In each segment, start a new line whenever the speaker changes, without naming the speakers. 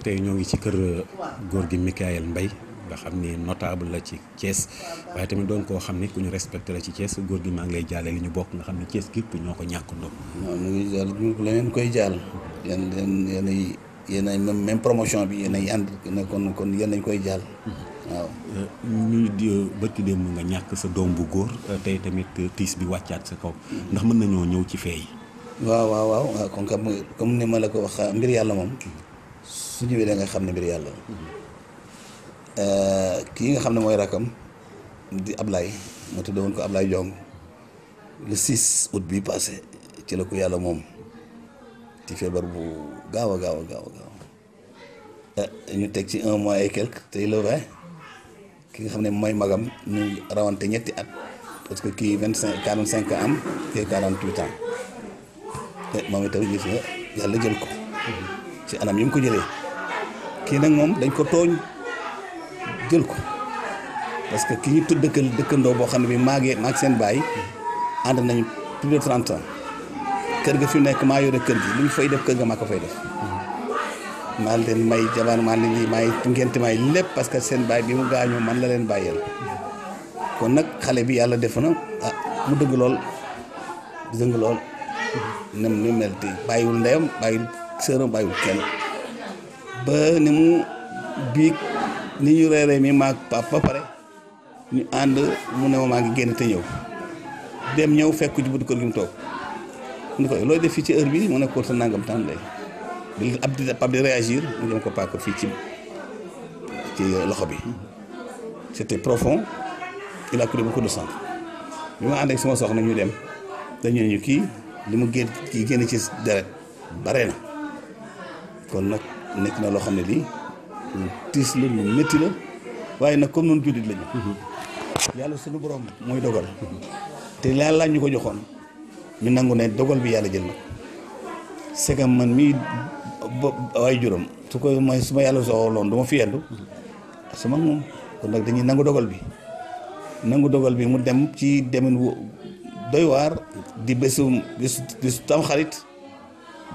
tey ñoo ngi ci kër euh, góor gi Mikayel Mbaye nga xam ni notable la ci cees waaye tamit doon koo xam ne ku ñu respecté la ci Thiès góor gi maa ngi lay jaale li ñu bokk nga xam ne cees gépp ñoo ko ñàkk ndox. waaw ñu ngi koy jàll. yéen yéen ay même même bi yéen ay ànd kon kon yéen lañ koy jàll. waaw euh, ñu di euh, nga ñàkk sa doom bu góor tey tamit tiis bi wàccaat sa kaw ndax mën nañoo ñëw ci fee yi. waaw waaw waaw comme comme ni ma la ko wax mbir yàlla moom. su ñëwee da nga xam ne mbir yàlla euh, kii nga xam ne mooy rakam di Ablaye ma tuddee woon ko Ablaye Jong le 6 août bi passé ci la ko yàlla moom ci feebar bu gaaw a gaaw a gaaw a gaaw euh, ñu teg ci un mois et quelque tey ki nga xam ne mooy magam ñu rawante ñetti at parce que kii vingt cinq quarante cinq am kii quarante huit ans moom itam gis nga yàlla jël ko mm-hmm. ci anam yi mu ko jëlee. kii nag moom dañ ko tooñ jël ko parce que ki ñu tudd dëkkal dëkkandoo boo xam ne mi maagee maag seen baay ànd nañu plus de kër ga fi nekk maa yore kër gi lu ñu fay def kër ga maa ko fay def maa leen may jabar maa leen may ngent may lépp parce que seen baay bi mu gaañoo man la leen bàyyeel kon nag xale bi yàlla def na ah mu dëgg lool dëgg lool nem ni mel te bàyyiwul ndeyam bàyyiwul sëram bàyyiwul kenn ba ni mu bi ni ñu réré mi maag pap ba pare ñu ànd mu néw ma ngi génn té ñew dem ñew fekk ci bunt ko gi tok ñu mu ne ko looy def fii ci heure bi mu ne ko sa nangam tan lay bi abdi da pap di réagir mu dem ko paak fi ci ci loxo bi c'était profond il a coulé beaucoup de sang bi ma andé sama soxna ñu dem dañu ñu kii li mu génn kii génn ci dérèt baré na kon nak nekk na loo xam ne lii lu tiis la lu métti la waaye nag comme noonu jullit lañu yàlla suñu borom mooy dogal te yàlla ñu ko joxoon ñu nangu ne dogal bi yàlla jël na segam man mii waaye juróom su ko may su ma yàlla soxloon du ma fi yendu sama moom kon nag dañuy nangu dogal bi nangu dogal bi mu dem ci demin doy waar di bésu bésu bésu tam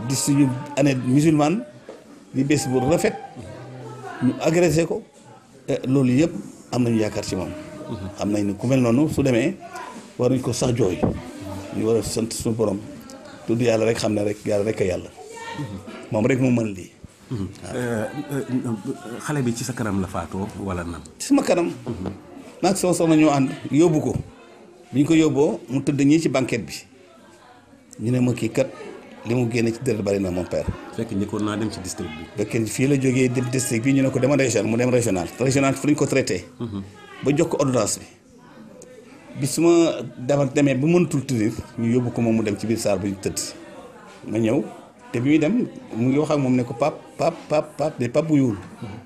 di suñu année musulmane di bés bu rafet ñu agressé ko loolu yëpp am nañu yaakaar ci moom. am nañ ne ku mel noonu su demee war nañ ko sax jooy ñu war a sant su borom tudd yàlla rek xam ne rek yàlla rek yàlla moom rek mu mën lii. Euh, xale bi ci sa kanam la faatoo wala nan. ci sama kanam. maag sama soxna ñoo ànd yóbbu ko bi ñu ko yóbboo mu tëdd ñii ci banquette bi ñu ne ma kii kat. limu mu ci dër bari na mon père. fekk ko na dem ci district bi. fekk fi la joggé dem district bi ñu ne ko demal région mu dem régional régional fu ñu ko traité. Mhm. ba jox ko ordonnance bi. bi suma dafa démé bu ba tenir ñu yobbu ko mu dem ci bir sar bu ñu tëdd ma ñew té bi muy dem mu ngi wax ak mom ne ko pap pap pap pap mais pap bu yuul mhm.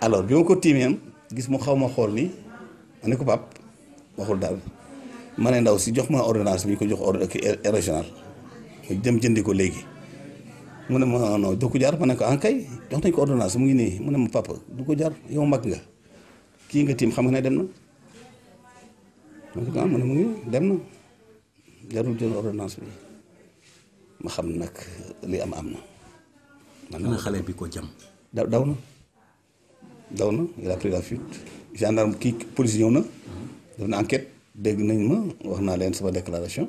alors bi ma ko tiimee gis mu xawma xol ni ne ko pap waxul dal, mané ndaw si jox ma ordonnance bi ko jox ordre régional dem jëndi ko léegi mu ne ma non du ko jar mané ko an ah, kay jox nañ ko ordonnance mu ngi ni mu ne ma papa du ko jar yow mag nga ki nga tim xam nga dem na donc ah mu ne mu ngi dem na jarul jël ordonnance bi ma xam nak li am am na. man xale bi ko jam. daw na daw na il a pris la fuite gendarme ki police ñëw na. Mhm. def na enquête dégg nañ ma wax na leen sama déclaration.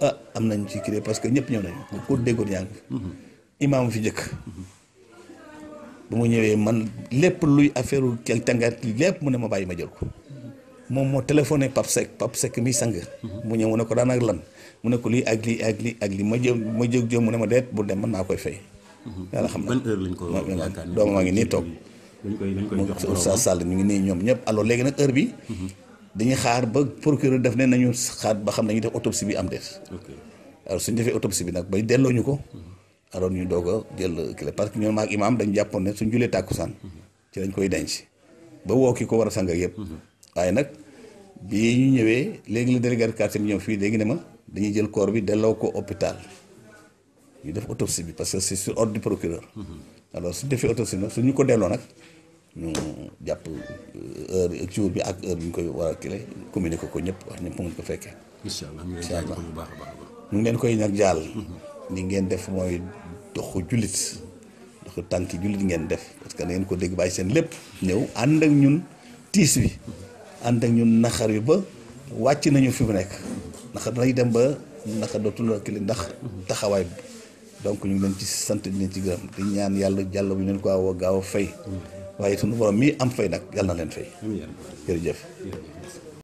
ah am nañ ci crée parce que ñëpp ñëw nañu ku déggoon yaa ngi imaam fi njëkk bu mu ñëwee man lépp luy affaire tàngaat lépp mu ne ma bàyyi ma jël ko moom moo téléphoné Pape Seck Pape Seck sang mu ñëw mu ne daan ak lan mu ne ko lii ak lii ak lii ak lii ma jë ma jëg jëm mu ne ma deet bu dem mën naa koy fay yàlla xam na ban heure lañ ko dooma maa ngi nii toog sa sall ñu ngi nii ñoom ñëpp alors léegi nag heure bi dañuy xaar ba procureur def ne nañu xaar ba xam nañu def autopsie bi am des alors suñ defee autopsie bi nag bay delloo ñu ko. alors ñu doog a jël clé parce que ñun maag imaam dañu jàppoon suñ julee tàkkusaan ci lañ koy denc ba woo ki ko war a sang yëpp. Mhm. waaye nag bi ñu ñëwee léegi la de quartier bi ñëw fii léegi ne ma dañuy jël corps bi delloo ko hôpital ñu def autopsie bi parce que c'est sur ordre du procureur. Mhm. alors suñu defee autopsie nag suñu ko delloo nag. ñu jàpp euh, heure jour bi ak heure bi ñu koy war a kile communiqué ko ñëpp wax ñëpp mën ko fekkee. incha allah ñu ngi ngi leen koy nag jaal. Mhm. li ngeen def mooy doxu jullit doxu tànki jullit ngeen def parce que da ngeen ko dégg bàyyi seen lépp. ñëw ànd ak ñun tiis bi ànd ak ñun naxar bi ba wàcc nañu fi mu nekk naxar danañ dem ba naxar dootul kili ndax taxawaay bi donc ñu ngi leen ci sant di leen ci gërëm di ñaan yàlla jàll bu ñu leen ko aw gaaw a fay. Mhm. waaye sunu borom mii am fay nag yàlla na leen fay. jërëjëf.